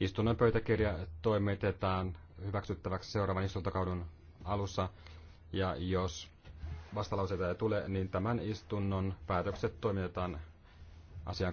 Istunnon pöytäkirja toimitetaan hyväksyttäväksi seuraavan istuntokauden alussa. Ja jos vastalauseita ei tule, niin tämän istunnon päätökset toimitetaan asian